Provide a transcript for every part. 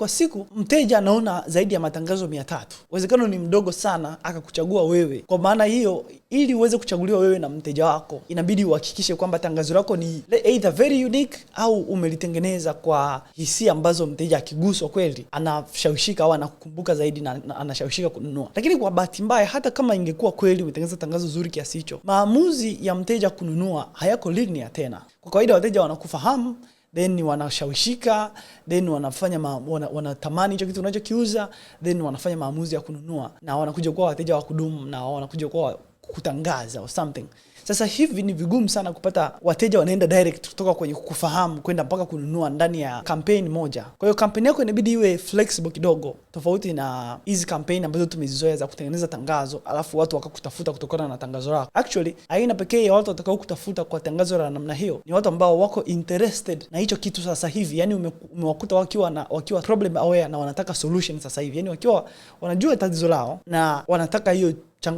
Kwa siku mteja anaona zaidi ya matangazo mia tatu. Uwezekano ni mdogo sana akakuchagua wewe. Kwa maana hiyo, ili uweze kuchaguliwa wewe na mteja wako, inabidi uhakikishe kwamba tangazo lako ni either very unique au umelitengeneza kwa hisia ambazo mteja akiguswa kweli anashawishika au anakukumbuka zaidi na, na anashawishika kununua. Lakini kwa bahati mbaya, hata kama ingekuwa kweli umetengeneza tangazo zuri kiasi hicho, maamuzi ya mteja kununua hayako linear tena. Kwa kawaida wateja wanakufahamu then wanashawishika, then wanafanya wana, wanatamani hicho kitu unachokiuza, then wanafanya maamuzi ya kununua na wanakuja kuwa wateja wa kudumu na wanakuja kuwa kutangaza or something. Sasa hivi ni vigumu sana kupata wateja wanaenda direct kutoka kwenye kukufahamu kwenda mpaka kununua ndani ya kampeni moja. Kwa hiyo kampeni yako inabidi iwe flexible kidogo, tofauti na hizi kampeni ambazo tumezizoea za kutengeneza tangazo alafu watu wakakutafuta kutokana na tangazo lako. Actually, aina pekee ya watu watakao kutafuta kwa tangazo la namna hiyo ni watu ambao wako interested na hicho kitu sasa hivi, yani umewakuta wakiwa na wakiwa problem aware na wanataka solution sasa hivi, yani wakiwa wanajua tatizo lao na wanataka hiyo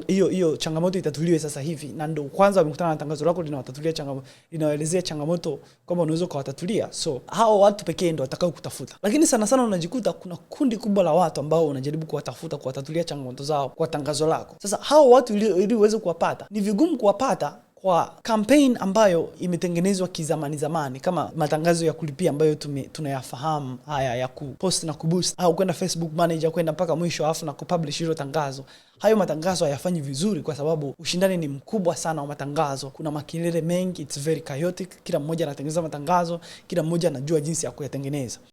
hiyo chang, changamoto itatuliwe sasa hivi na ndio kwanza kwanza wamekutana na tangazo lako linawatatulia changamoto, linawaelezea changamoto kwamba unaweza ukawatatulia. So hao watu pekee ndo watakao kutafuta, lakini sana sana unajikuta kuna kundi kubwa la watu ambao unajaribu kuwatafuta, kuwatatulia changamoto zao kwa tangazo lako. Sasa hao watu ili uweze kuwapata ni vigumu kuwapata kwa kampeni ambayo imetengenezwa kizamani zamani, kama matangazo ya kulipia ambayo tunayafahamu haya ya kupost na kubust au kwenda Facebook manager kwenda mpaka mwisho afu na kupublish hilo tangazo. Hayo matangazo hayafanyi vizuri kwa sababu ushindani ni mkubwa sana wa matangazo. Kuna makelele mengi, it's very chaotic. Kila mmoja anatengeneza matangazo, kila mmoja anajua jinsi ya kuyatengeneza.